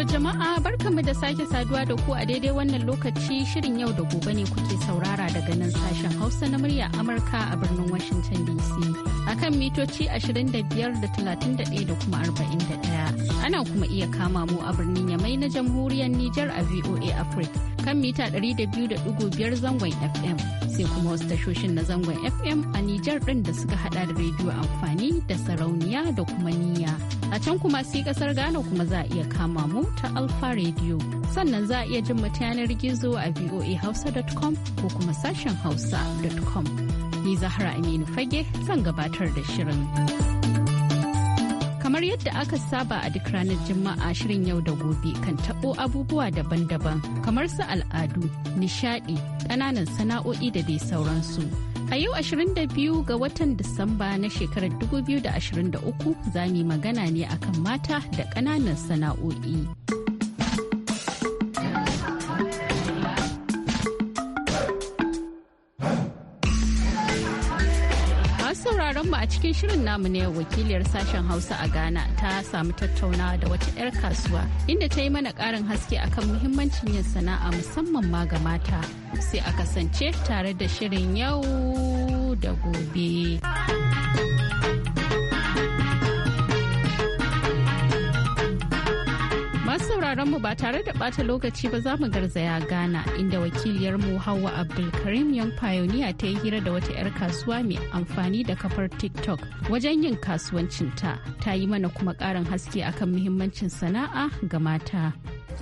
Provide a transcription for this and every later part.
sauraro jama'a barkanmu da sake saduwa da ku a daidai wannan lokaci shirin yau da gobe ne kuke saurara daga nan sashen Hausa na murya Amurka a birnin Washington DC. Akan mitoci 25 da 31 da kuma 41. Ana kuma iya kama mu a birnin Yamai na jamhuriyar Nijar a VOA Africa. kan mita 200.5 zangon FM sai kuma wasu tashoshin na zangon FM a Nijar ɗin da suka haɗa da rediyo amfani da sarauniya da kuma niyya. A can kuma sai kasar Ghana kuma za a iya kama mu ta Alfa Radio. Sannan za a iya jin mata yanar gizo a voahausa.com ko kuma sashen hausa.com. Ni Zahra Aminu Fage zan gabatar da shirin. Kamar yadda aka saba a duk ranar Juma'a shirin yau da gobe kan tabo abubuwa daban-daban kamar su al'adu, nishadi, ƙananan sana'o'i da dai sauransu. A yau 22 ga watan Disamba na shekarar 2023 za mu yi magana ne akan mata da ƙananan sana'o'i. cikin shirin namu ne wakiliyar sashen Hausa a Ghana ta samu tattaunawa da wata 'yar kasuwa inda ta yi mana ƙarin haske akan muhimmancin yin sana'a musamman ma ga mata. Sai a kasance tare da shirin yau da gobe. Masu sauraron mu ba tare da bata lokaci ba za mu garzaya gana inda wakiliyar mu Hauwa Abdulkarim yan Pioneer ta yi hira da wata 'yar kasuwa mai amfani da kafar TikTok wajen yin kasuwancinta ta yi mana kuma ƙarin haske akan muhimmancin sana'a ga mata.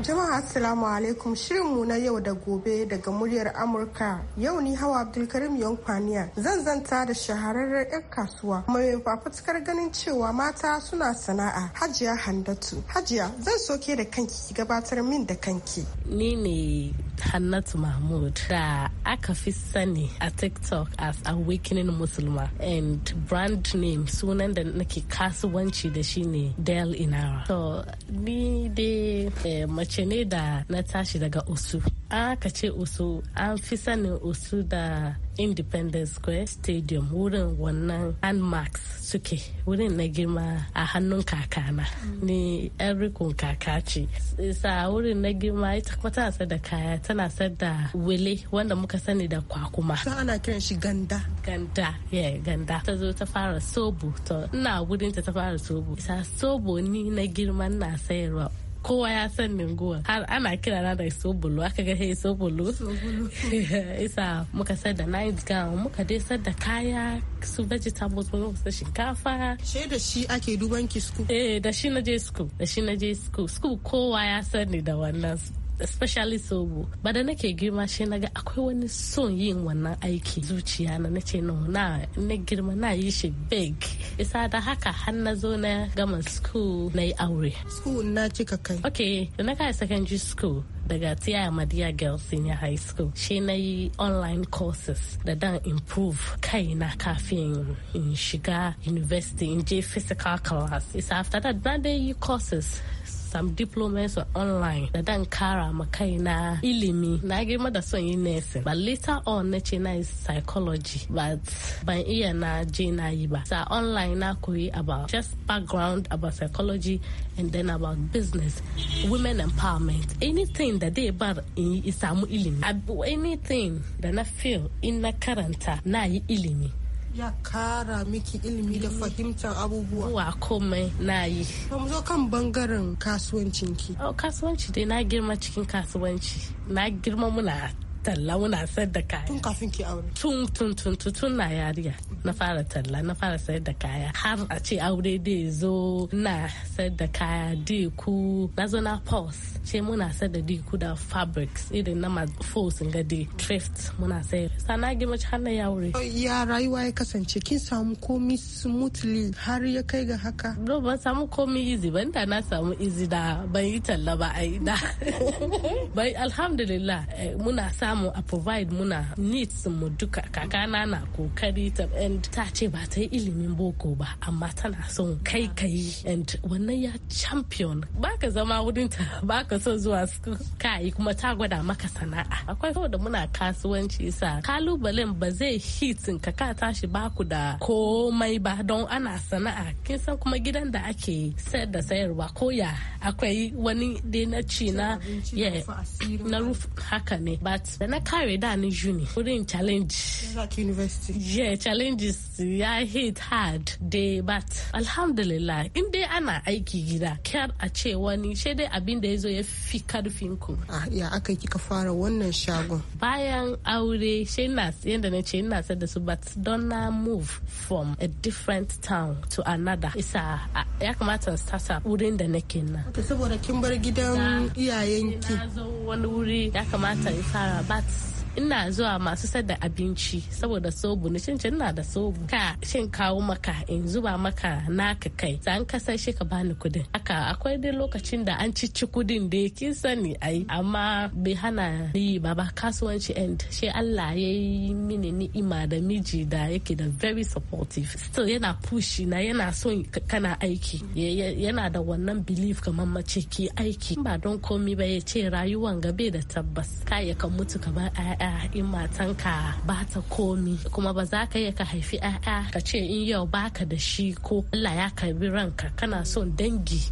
Jama'a Assalamu alaikum shirinmu na yau da gobe daga muryar Amurka yau ni hawa Abdulkarim Yankwaniya zan zanta da shahararren 'yan kasuwa mai fafutukar ganin cewa mata suna sana'a Hajiya Handatu. Hajiya zan soke da kanki gabatar min da kanki. Ni ne Hannatu Mahmud da aka fi sani a TikTok as Awakening Musulma and brand name sunan da nake kasuwanci da shi ne Del Inara. So ni dai eh, mace ne da na tashi daga osu aka ce osu an fi sanin osu da independence square stadium wurin wannan landmarks suke wurin na girma a hannun kakana ni yan rikon kaka ce sa wurin na girma ita kuma tana da kaya tana sayar da wele wanda muka sani da kwakuma sa ana kiran shi ganda ganda ya ganda ta zo ta fara sobo to ina wurin ta ta fara sobo sa sobo ni na girma na sayarwa kowa ya san ninguwa har ana kira na da isobolo aka ga isobolo isa muka sayar da night gown muka dai sayar da kaya su vegetables muka sayar shinkafa she da shi ake duban ki school eh da shi na je school da shi na je school school kowa ya sani ni da wannan especially sobo ba da nake girma shi naga akwai wani son yin wannan aiki zuciya na nace no na na girma na yi shi big isa da haka har na zo na gama school na yi aure school na cika kai okay da na kai secondary school daga Tia madiya girls senior high school shi na yi online courses da dan improve na kafin in shiga university in je physical class isa after that na dai yi courses Some diplomas su online da dan kara ma kaina ilimi na girma da son yi but later on na is na psychology but ban iya na je na yi ba sa online na koyi about just background about psychology and then about business women empowerment anything that they bar in samu ilimi anything that na feel in na karanta na yi ilimi ya kara miki ilimi da fahimtar abubuwa wa komai na yi mu zo kan bangaren kasuwancinki oh, kasuwanci dai na girma cikin kasuwanci na girma muna talla muna sayar da kaya. Tun kafin ki aure? Tun tun tun tun tun na yariya. Na fara talla na fara sayar da kaya har a ce aure dai zo na sayar da kaya diku na zo na pause ce muna sayar da diku da fabrics irin na mafos ga dai thrift muna sayar. Sana gima ci har na ya aure. Ya rayuwa ya kasance kin samu komi smoothly har ya kai ga haka. No ban samu komi easy ban da na samu easy da ban yi talla ba ai da. Bai alhamdulillah eh, muna sa samu a provide muna needs mu duka kakana na kokari ta and ta ce ba ta yi ilimin boko ba amma tana son kai kayi and wannan ya champion baka zama wurin ta baka son zuwa school kai kuma ta gwada maka sana'a akwai kawai da muna kasuwanci sa kalubalen ba zai hit ka ka tashi baku da komai ba don ana sana'a kin san kuma gidan da ake sayar da sayarwa ko ya akwai wani dai na ci na na ruf haka ne but da na kare da ni juni wurin challenge university yeah challenges ya hit hard day but alhamdulillah in dai ana aiki gida kyar a ce wani she dai abin da ya zo ya fi karfin ku ah, ya aka kika fara wannan shagon bayan aure she na yadda na ce ina da su but don na move from a different town to another isa ya kamata start wurin da nake nan saboda kin bar gidan iyayenki na zo wani wuri ya kamata in fara Shabbat ina zuwa masu sada abinci saboda sobo na cincin ina da sobo ka shin kawo maka in zuba maka naka kai san kasar shi ka bani kudin aka akwai dai lokacin da an cici kudin da kin sani ai amma bai hana ni ba ba kasuwanci end shi Allah ya yi mini ni'ima da miji da yake da very supportive still yana push na yana son kana aiki yana da wannan belief kamar mace ki aiki ba don komi ba ya ce rayuwan gabe da tabbas ka ya kan mutu kamar 'ya'ya in matanka ba ta komi kuma ba za ka iya ka haifi 'ya'ya ka ce in yau baka da shi ko Allah ya karbi ranka kana son dangi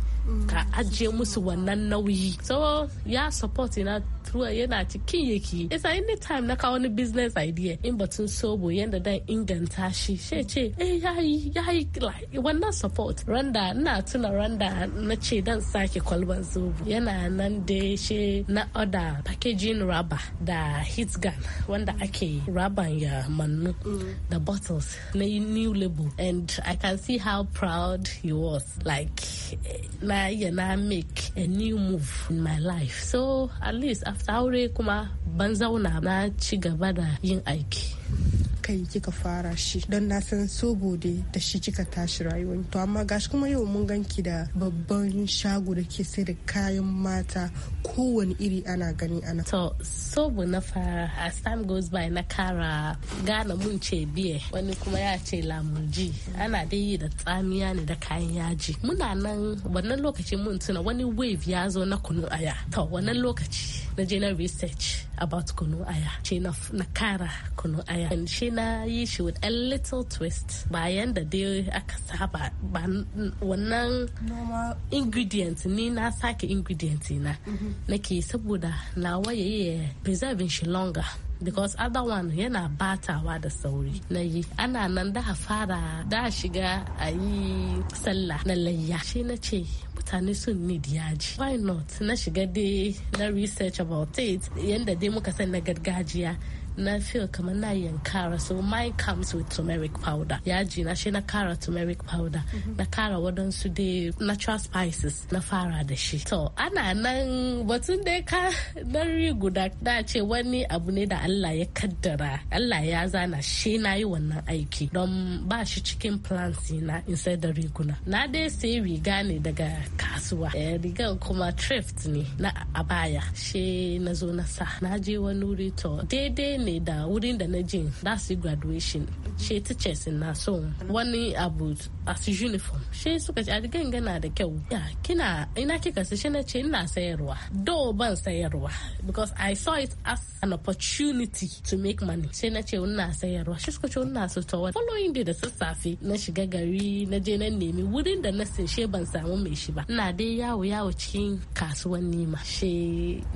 ka ajiye musu wannan nauyi so ya support na ruwa yana cikin yake isa anytime na kawo wani business idea in batun sobo yadda dan inganta shi she ce eh yayi yayi wannan support randa ina tuna randa na ce dan sake kwalban sobo yana nan da she na oda packaging rubber da heat gun wanda ake rubber ya mannu mm. da bottles na new label and i can see how proud he was like eh, na na make a new move in my life so at least after aure kuma ban zauna na ci gaba da yin aiki kika yi kika fara shi don na san sobo da shi kika tashi rayuwar to amma gashi kuma yau mun ganki da babban shago da ke sai da kayan mata kowane iri ana gani ana to sobo na fara as time goes by na kara gana mun ce biye wani kuma ya ce lamurji ana dai yi da tsamiya ne da kayan yaji muna nan wannan lokacin mun tuna wani wave ya zo na kunun aya to wannan lokaci na je na research about kunu aya shi na kara kunu aya and shi na yi shi with a little twist bayan da dai aka saba ba wannan ingredient ni na sake ingredient na mm-hmm. nake saboda nawa waye preserving shi longer because other one yana batawa da sauri layi ana nan da fara da shiga a yi sallah na layya shi na ce mutane sun need yaji why not na shiga dai na research about it yanda dai muka san na gargajiya na feel kamar na kara so mine comes with turmeric powder ji na shi na kara turmeric powder mhm. na kara waɗansu dai natural spices na fara da shi to ana nan batun da ka dari guda da ce wani abu ne da Allah ya kaddara Allah ya zana shi na yi wannan aiki don ba shi cikin plans na inside da riguna na dai sai riga ne daga kasuwa eh, rigan kuma thrift ne na abaya shi na zo na sa na je wani wuri to daidai ne da wurin da na jin da graduation she teachers na so wani abu as uniform she suka ce a gana da kyau ya kina ina kika su shi na ce ina sayarwa do ban sayarwa because i saw it as an opportunity to make money sai na ce ina sayarwa shi suka ce ina su tawa following day da sassafe na shiga gari na je na nemi wurin da na she ban samu mai shi ba ina dai yawo yawo cikin kasuwan nima she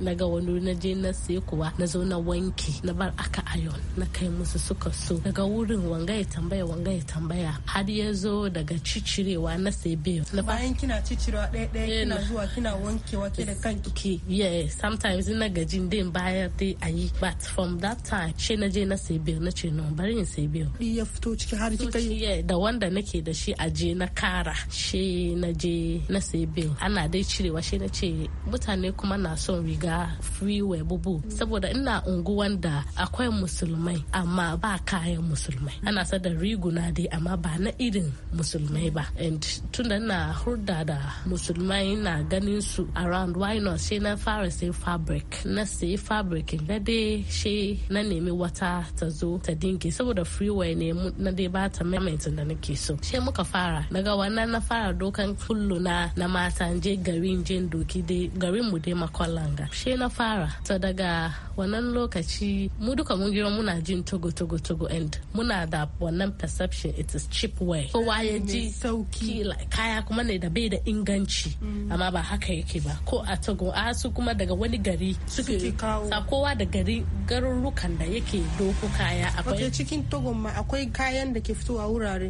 na ga wani na je na sai kuwa na zo na wanke na bar aka ayon na kai musu suka so daga wurin wanga ya tambaya wanga ya tambaya har ya zo daga cicirewa na sebe bayan kina cicirewa ɗaya ɗaya eh, kina zuwa kina wanke wake da kanki yeah sometimes na gajin din bayar dai ayi but from that time she na je na sebe na ce no bari in sebe ya fito ciki har kika yi da wanda nake da shi a je na kara she na je na sebe ana dai cirewa she na ce mutane kuma na son riga free bubu saboda ina unguwan da akwai musulmai amma ba kayan musulmai ana sada riguna dai amma ba na irin musulmai ba and tunda na hurda da musulmai na ganin su around why not sai na fara sai fabric na sai fabric na dai shi na nemi wata ta zo ta dinki saboda freeway ne na dai ba ta maimaita da nake so sai muka fara daga wannan na fara dokan kullu na na mata je garin je doki dai garin mu dai makwallanga sai na fara ta daga wannan lokaci mu duka mun girma muna jin togo togo togo and muna da wannan perception it is cheap way kowa ya ji sauki kaya kuma ne da bai da inganci mm. amma ba haka yake ba ko a togo a su kuma daga wani gari suke sa kowa da gari garurrukan da yake doko kaya akwai cikin togo ma akwai kayan da ke fitowa wurare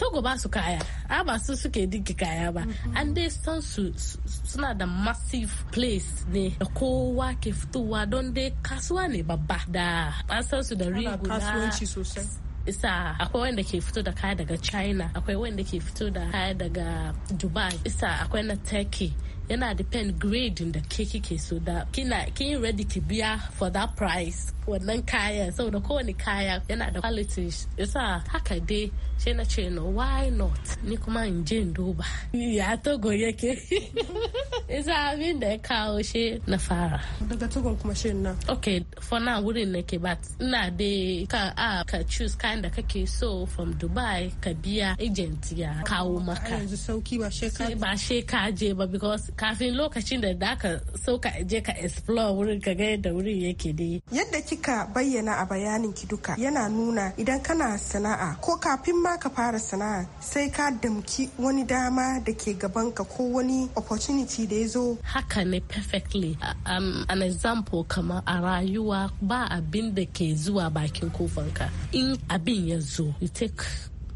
togo ba su kaya a ba su suke digi kaya ba mm-hmm. an dai san su suna da massive place ne da kowa ke fitowa don dai kasuwa ne babba da suna da kasuwanci sosai isa akwai wanda ke fito da kaya daga china akwai wanda ke fito da kaya daga dubai isa akwai na turkey yana depend grading da ke kike so da kina kin ready ki biya for that price wannan kayan saboda kowane kaya yana da qualities yasa haka dai shi na ce no why not ni kuma in je in duba ya togo yake isa abin da ya kawo shi na fara daga togo kuma shi na ok for now wurin ke but ina da ka a ka choose kayan da kake so from dubai ka biya agent ya kawo maka yanzu sauki ba she ka ba je ba because kafin lokacin da da ka so ka je ka explore wurin ka ga da wurin yake dai yadda kika bayyana a bayanin ki duka yana nuna idan kana sana'a ko kafin ma ka fara sana'a sai ka damki wani dama da ke gaban ka ko wani opportunity da ya zo haka ne perfectly um, an example kamar a rayuwa ba abin da ke zuwa bakin kofanka in abin ya zo you take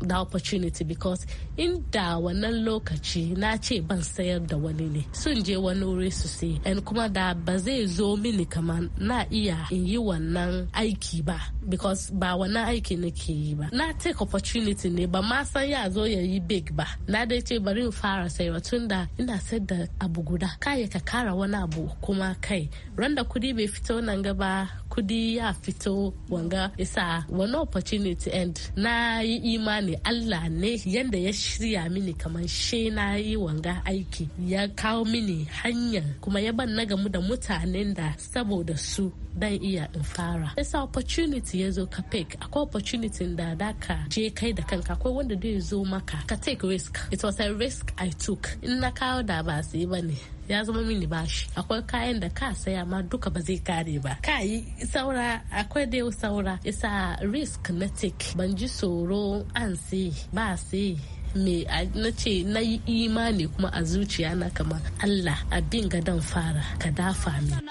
the opportunity because in da wannan lokaci na ce ban sayar da wani ne sun je wani wuri su sai and kuma da ba zai zo mini kamar na iya in yi wannan aiki ba because ba wannan aiki nake yi ba na take opportunity ne ba ma san ya zo ya yi big ba na dai ce bari in fara sayarwa tun da ina sayar da abu guda kai ka kara wani abu kuma kai randa kudi bai fito nan gaba kudi ya fito wanga isa wani opportunity end na yi imani Allah ne yanda ya shirya mini kamar she na yi wanga aiki ya kawo mini hanya kuma ya ban na gamu da mutanen da saboda su dan iya in fara isa opportunity ya zo ka pick akwai opportunity da daka je kai da kanka akwai wanda zai zo maka ka take risk it was a risk i took in na kawo da ba su yi bane ya zama mini bashi akwai kayan da ka saya ma duka ba zai kare ba ka yi saura akwai da saura isa risk na take ban ji tsoro an si ba si me na ce na yi imani kuma a zuciya na kama Allah abin gadon fara ka dafa min.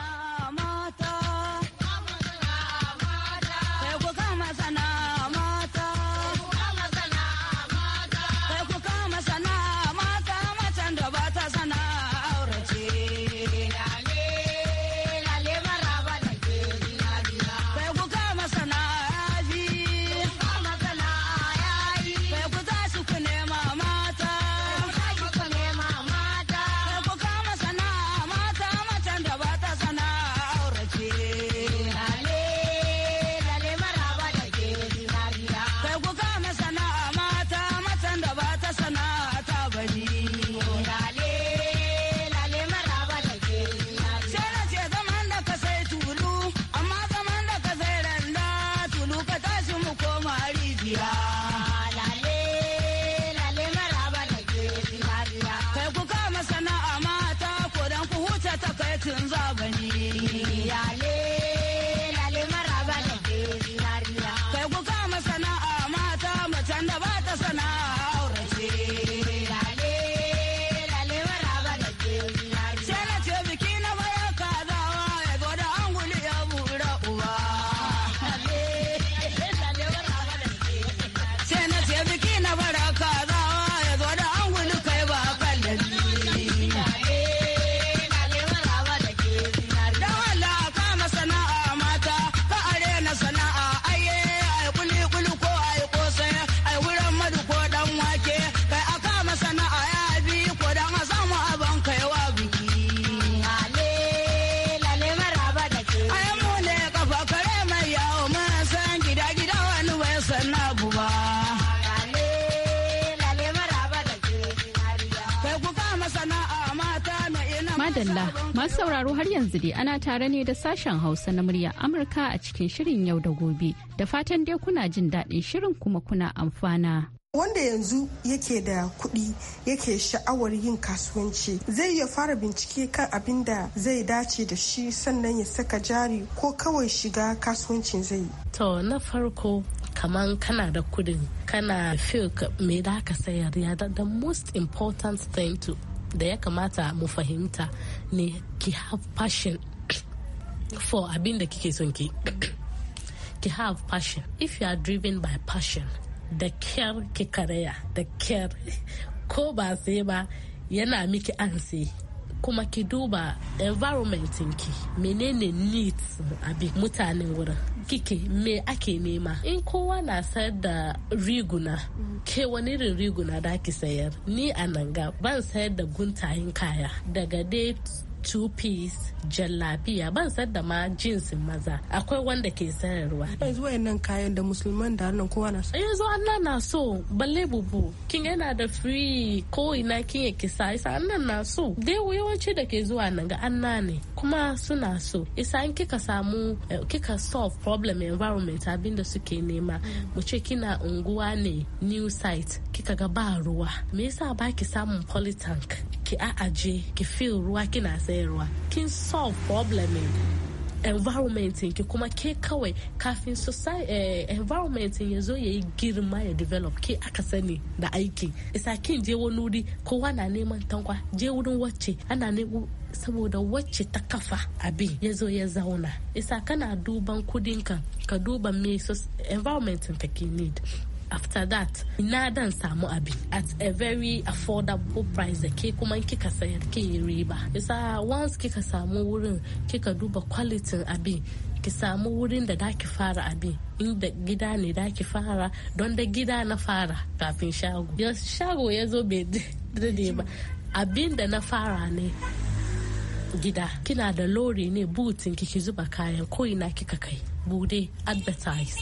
masu sauraro har yanzu dai ana tare ne da sashen Hausa na murya Amurka a cikin shirin yau da gobe. Da fatan dai kuna jin daɗin shirin kuma kuna amfana. Wanda yanzu yake da kuɗi yake sha'awar yin kasuwanci zai iya fara bincike kan abin da zai dace da shi sannan ya saka jari ko kawai shiga kasuwancin zai yi. To na farko kaman kana da kudin kana feel me da ka sayar ya da the most important thing to da ya kamata mu fahimta ne ki have passion for abin da kike son ki ki have passion if you are driven by passion da kyar ki karaya da kyar ko ba sai ba yana miki ansi kuma ki duba environment ki menene needs abin mutanen wurin kike me ake nema in kowa na sayar da riguna ke wani irin riguna da ki sayar ni a nan ga ban sayar da guntayen kaya daga dai two piece lafiya ban san da ma jinsin maza akwai wanda ke sayarwa yanzu wayannan kayan da musulman da nan kowa na so eh, yanzu Allah na so balle bubu kin yana da free ko ina kin ya kisa isa Allah na so dai yawanci da ke zuwa nan ga Allah ne kuma suna so isa in kika samu eh, kika solve problem environment abin da suke nema mu ce kina unguwa ne new site kika ga ba ruwa me yasa baki samun polytank ki a'aje ki fil ruwa kina ruwa. kin solve problem e. environment e, ki kuma ke kawai kafin society eh, environment e, ya zo ya yi girma ya develop ke aka sani da aiki isa kin je wani wuri kowa na neman tankwa je wurin wacce ana neman saboda wacce ta kafa abin yazo zo ya zauna isa kana duban kudinka ka duba me environment ka ke need after that ina dan samu abin at a very affordable price da ke kuma kika sayar ke riba isa once kika samu wurin kika duba quality abin ki samu wurin da daki fara abi inda gida ne daki fara don da gida na fara kafin shago ya shago ya zo bai dade ba abin da na fara ne gida kina da lori ne butin kiki zuba kayan ko ina kika kai bude advertise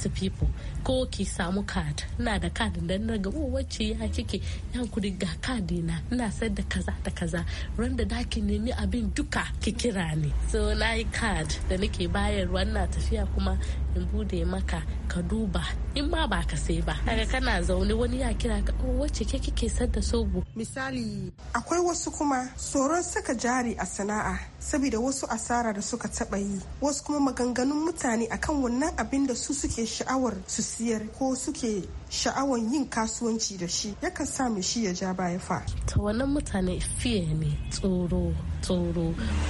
to people ko ki samu kad ina da kad da na ga oh, wacce ya kike yan kudi ga card na ina sayar da kaza da kaza ran da daki nemi abin duka ki kira ni so na yi card da nake bayarwa ina tafiya kuma in bude maka ka duba in ma ba ka sai ba daga kana zaune wani ya kira ka oh, wacce ke kike sayar da sobo misali akwai wasu kuma tsoron saka jari a sana'a saboda wasu asara da suka taba yi wasu kuma maganganun mutane akan wannan abin da su suke sha'awar su siyar ko suke sha'awar yin kasuwanci da shi yakan sa mai shi ya ja baya fa. ta wannan mutane fiye ne tsoro tsoro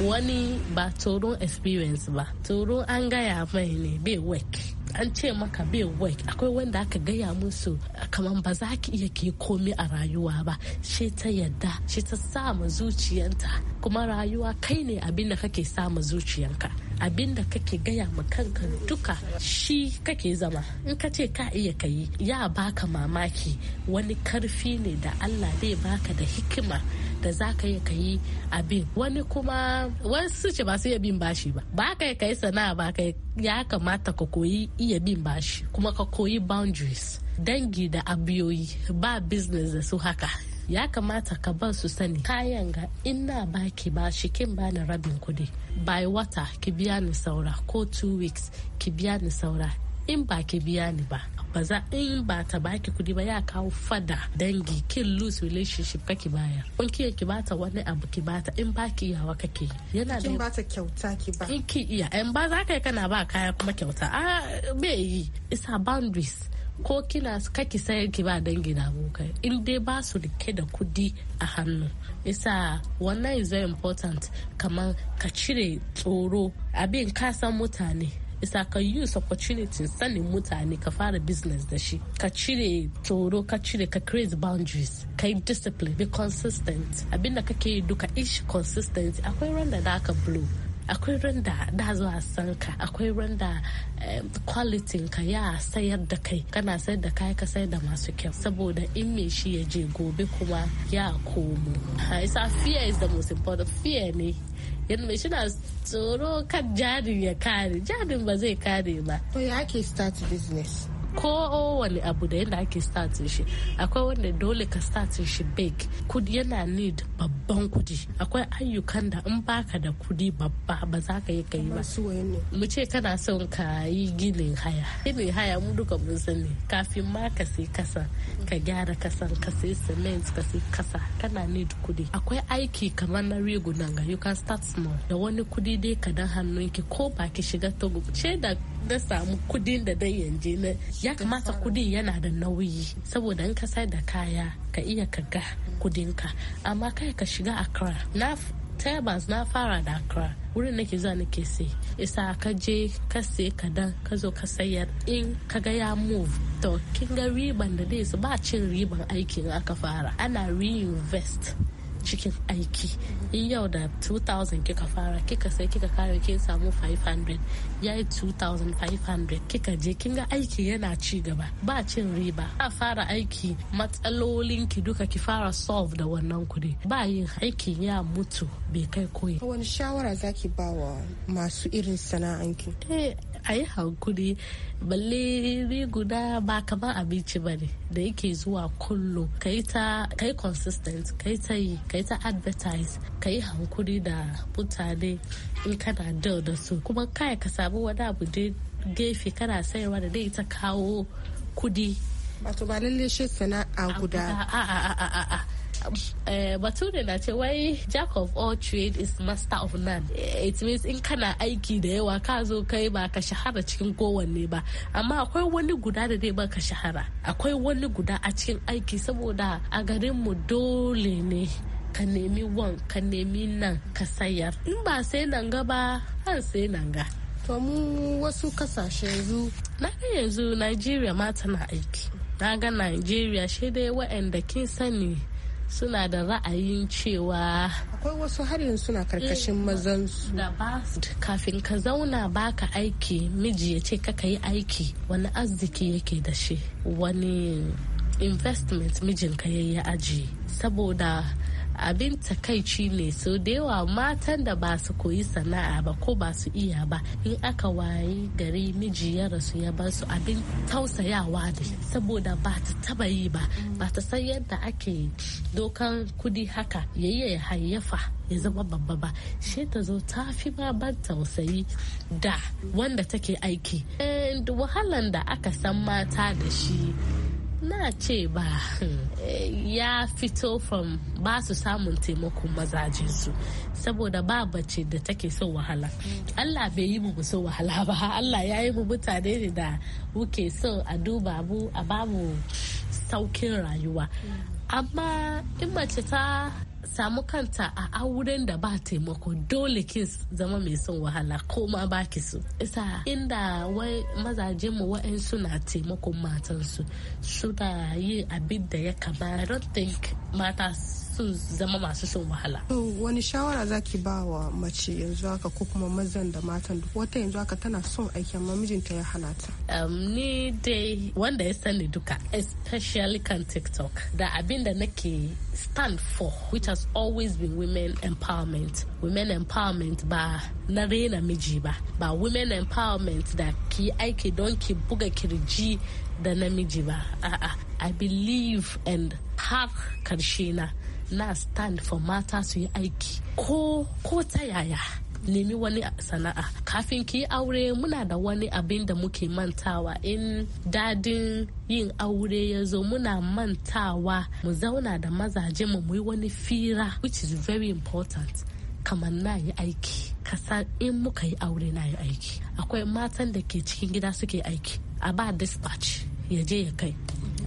wani ba tsoron experience ba tsoron an gaya mai ne bai work an ce maka bai work akwai wanda aka gaya musu kamar ba za ki iya ki komi a rayuwa ba shi ta yadda shi ta sa ma zuciyanta kuma rayuwa kai ne abin da kake sa ma zuciyanka abin da kake gaya ma kanka duka shi kake zama in ka ce ka iya ka ya baka mamaki wani karfi ne da allah zai baka da hikima da za ka yi ka yi abin wani kuma wasu ce ba su iya bin bashi ba ba ka yi ka sana'a ba ka ya kamata ka koyi iya bin bashi kuma ka koyi boundaries dangi da abiyoyi ba business da su haka ya kamata ka bar su sani kayan ga ina baki ba shi kin bani rabin kudi. by water ki biya ni saura ko two weeks ki biya ni saura in ba ki biya ni ba ba za in ba ta baki kudi ba ya kawo fada dangi kin lose relationship kake baya kun ki ki bata wani abu ki bata in ba ki yawa kake yana da kin bata kyauta ki ba in ki iya in ba za ka yi kana ba kaya kuma kyauta a ah, bai yi isa boundaries ko kina kaki sayar ki ba dangi na abokai in dai ba su rike da kudi a hannu isa wannan is very important kamar ka cire tsoro abin ka san mutane isa ka use opportunity sanin mutane ka fara business da shi ka cire tsoro ka cire ka create boundaries ka yi discipline be consistent abinda kake yi duka ish consistent akwai randa da aka blow akwai randa da da zuwa san ka akwai ran da kwalitin eh, ka ya sayar da kai kana sayar da kai ka sayar da masu kyau saboda in me shi ya je gobe kuma ya komo ah, isa fear is the most important fear ne yadda mai shina tsoro kan jarin ya kare jarin ba zai kare ba to ya ake start business kowane abu da yadda ake startin shi akwai wanda dole ka startin shi big kudi yana need babban kudi akwai ayyukan da in baka da kudi babba ba za ka yi kai ba mu ce kana son ka yi ginin haya ginin haya mu duka mun sani kafin ma ka sai kasa ka gyara kasan ka sai cement ka sai kasa kana need kudi akwai aiki kamar na rigunan ga you can start small da wani kudi dai ka dan hannun ki ko ba ki shiga togo ce da na samu kudin da dai yanje na ya kamata kudin yana da nauyi saboda in ka sai da kaya ka iya ka ga kudinka amma kai ka shiga akra na tabas na fara da akra wurin nake zuwa nake sai isa ka je ka sai ka dan ka zo ka sayar in ka ga ya move to kin ga riban da dai su ba cin riban aikin aka fara ana reinvest cikin aiki in yau da 2000 kika fara kika sai kika kare kin samu 500 yayi yi 2500 kika je kin ga aiki yana ci gaba ba cin riba ba fara aiki matsalolin ki duka ki fara solve da wannan kudi ba yin aiki ya mutu bai kai koyi wani shawara zaki ba wa masu irin sana'anki eh a yi hankuri balle ni guda ba kamar abinci ba ne da yake zuwa kullum ka yi consistent ka yi ta yi ka yi ta advertise ka yi hankuri da mutane in kana da da su kuma kai ka samu wani abu da gefe kana sayarwa da dai ta kawo kudi to ba lalle shi sana'a guda a a a. Eh, bature na ce wai jack of all trade is master of none eh, it means in kana aiki da yawa ka zo kai ba ka shahara cikin kowanne ba amma akwai wani guda da dai baka shahara akwai wani guda a cikin aiki saboda a garinmu dole ne ka nemi wan ka nemi nan ka sayar in ba sai nan ga ba an sai nan ga to mu wasu kasashe yanzu na ga yanzu nigeria ma tana aiki na ga nigeria shi dai waɗanda kin sani suna da ra'ayin cewa akwai wasu har yanzu suna karkashin eh, mazan su da ba kafin ka zauna baka aiki miji ya ce kaka yi aiki wani arziki yake da shi wani investment mijinka ya yi aji saboda abin takaici ne so da yawa matan da ba su koyi sana'a ba ko ba su iya ba in aka wayi gari miji ya rasu ya ba su abin tausayawa ne saboda ba ta taba yi ba ba ta san yadda ake dokan kudi haka yayi ya hayyafa ya zama babba ba shi ta zo ta fi ma ban tausayi da wanda take aiki wahalan da aka san mata da shi ce ba ya fito from ba su samun taimakon su saboda ba bace da take so wahala allah bai yi mu so wahala ba allah ya yi mu mutane ne da muke so a duba mu a babu saukin rayuwa amma in mace ta samu kanta a auren da ba taimako dole ki zama mai son wahala ko ma ba ki so isa inda wai mazajen mu wa'ansu na taimakon matansu suna yi abin da ya kama i don't think matas su zama masu son wahala. To wani shawara zaki ba wa mace yanzu haka ko kuma mazan da matan duk wata yanzu haka tana son aiki amma mijinta ya hana ta. Um, ni dai wanda ya sani duka especially kan TikTok da abin da nake stand for which has always been women empowerment. Women empowerment ba na rena miji ba ba women empowerment da ki aiki don ki buga kirji da namiji ba a'a I believe and har karshe na na stand for mata su yi aiki ko ko ta yaya nemi wani sana'a kafin ki yi aure muna da wani abin da muke mantawa in dadin yin aure ya zo muna mantawa mu zauna da mazaje mu muyi wani fira which is very important kamar na yi aiki kasa in muka yi aure na yi aiki akwai matan da ke cikin gida suke aiki a ba dispatch ya je ya kai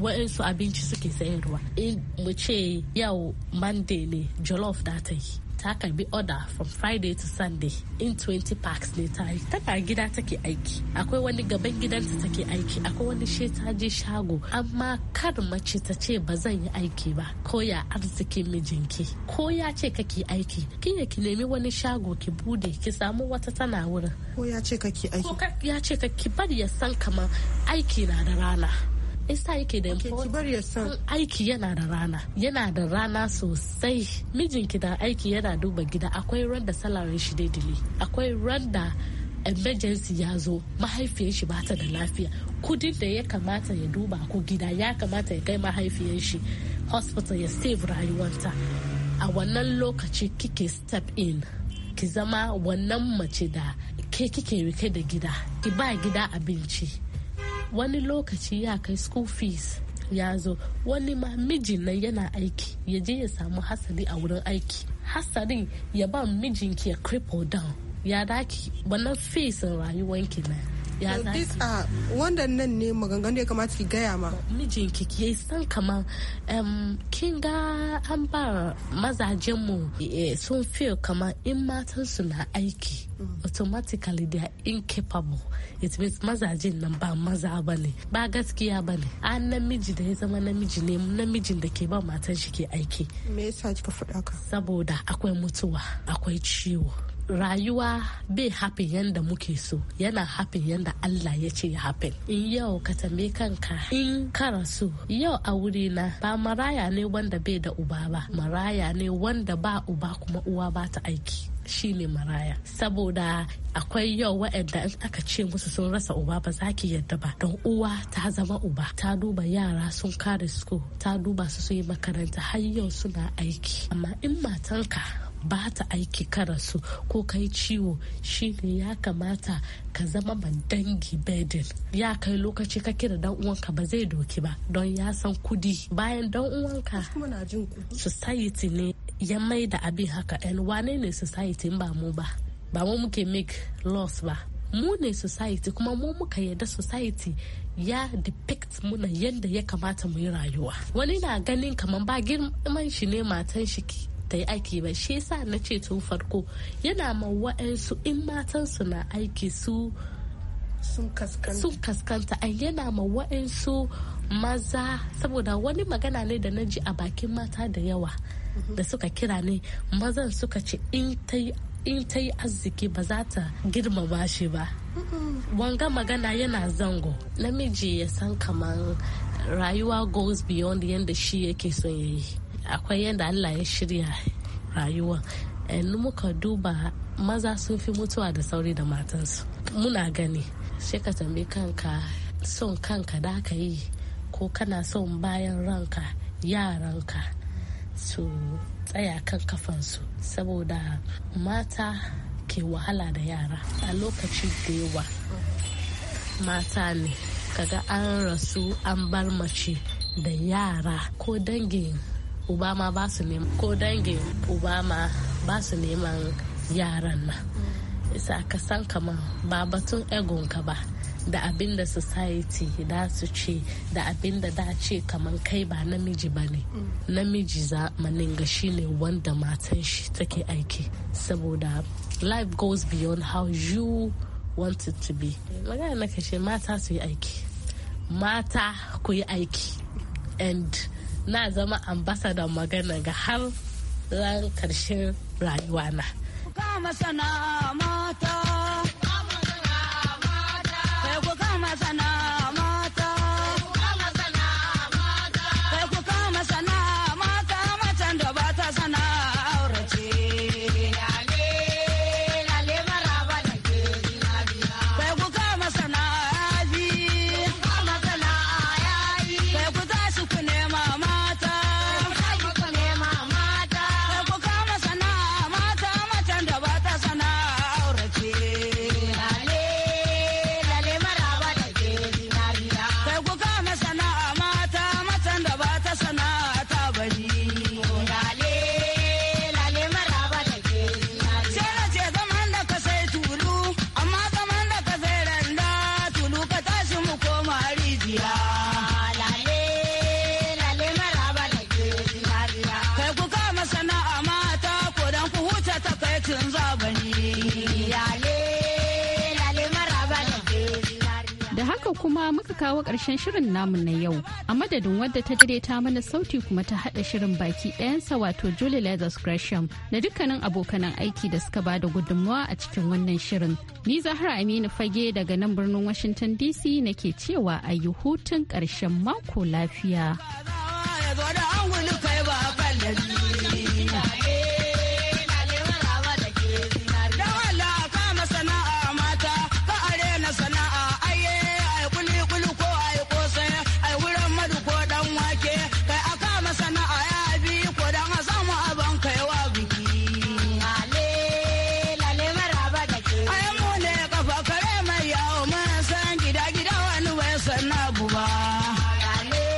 waɗansu abinci suke sayarwa in mu ce yau monday ne jollof da ta yi ta karbi order from friday to sunday in 20 parks ne ta yi tana gida take aiki akwai wani gaban gidanta take aiki akwai wani she ta je shago amma kar mace ta ce ba zan yi aiki ba ko ya arzikin mijinki ko ya ce kake aiki kin ki nemi wani shago ki bude ki samu wata tana wurin ko ya ce kake aiki ko ya ce kake bari ya san kamar aiki na da rana isa yake da aiki yana da rana yana da rana sosai mijinki da aiki yana duba gida akwai ran da salarin shi daidai akwai ran da emergency ya zo mahaifiyar shi bata da lafiya kudin da ya kamata ya duba ko gida ya kamata ya kai mahaifiyar shi hospital ya save rayuwarta a wannan lokaci kike step in ki zama wannan mace da ke kike rike da gida ki ba gida abinci wani lokaci ya kai school fees ya zo wani ma mijin nan yana aiki ya je ya samu hasari a wurin aiki hasarin ya ba mijinki ya cripple down ya daki wannan fesin rayuwanki na ya za a nan ne maganganu ya kamata ki gaya ma mijin ki ke san kamar kin ga an ba mazajen mu eh, sun feel kamar in matan su na aiki mm. automatically they are incapable it means mazajin nan ba maza ba ne ba gaskiya ba ne an namiji da ya zama namiji ne namijin da ke ba matan shi ke aiki me yasa kika faɗa ka saboda akwai mutuwa akwai ciwo rayuwa bai hafin yanda muke so yana hafin yanda Allah ya ce ya in yau ka tambe kanka in kara so yau a wuri na ba maraya ne wanda bai da uba ba maraya ne wanda ba uba kuma uwa ba ta aiki ne maraya saboda akwai yau waɗanda aka ce musu sun rasa uba ba za ki yadda ba don uwa ta zama uba ta duba yara sun kare school ta duba su su yi makaranta har yau suna aiki amma in matanka ba ta aiki karasu ko kai ciwo shine ya kamata ka zama ban dangi bedin ya kai lokaci ka kira dan uwanka ba zai doki ba don ya san kudi bayan dan uwanka society ne ya mai da abin haka yan wane ne society ba mu ba ba mu muke make loss ba mu ne society kuma mu muka yadda society ya depict muna yadda ya kamata mu yi rayuwa wani na ganin kamar ba girman shi ne matan shi ta yi aiki ba shi yasa na ce tun farko yana ma wa'ansu in matansu na aiki su sun kaskanta a yana ma wa'ansu maza saboda wani magana ne da na ji a bakin mata da yawa mhm. da suka kira ne mazan suka ce in ta yi in ta yi arziki ba za ta girma ba shi ba. Wanga magana yana zango. Namiji ya san kaman rayuwa goes beyond yadda shi yake son yayi. akwai yadda allah ya shirya rayuwa yanzu muka duba maza sun fi mutuwa da sauri da matansu muna gani sai ka tambi kanka son kanka da aka yi ko kana son bayan ranka yaranka su tsaya kan kafansu saboda mata ke wahala da yara a lokaci da yawa mata ne kaga an rasu an bar mace da yara ko dangin obama ba su neman ko dangin obama ba su neman yaran nan isa ka san kamar ba batun egonka ba da abin da society da su ce da abin da da ce kamar kai ba namiji ba ne namiji zamanin shi ne wanda matan shi take aiki saboda life goes beyond how you want it to be magana na kashe mata su yi aiki mata ku yi aiki and na zama ambasadan magana ga har ran karshen rayuwa na. sana kuma muka kawo ƙarshen shirin namu na yau a madadin wadda ta ta mana sauti kuma ta haɗa shirin baki ɗayansa wato Julie Lazarus Gresham da dukkanin abokanan aiki da suka bada gudunmawa a cikin wannan shirin. Ni Zahra Aminu Fage daga nan birnin Washington DC nake cewa a yi hutun ƙarshen mako lafiya.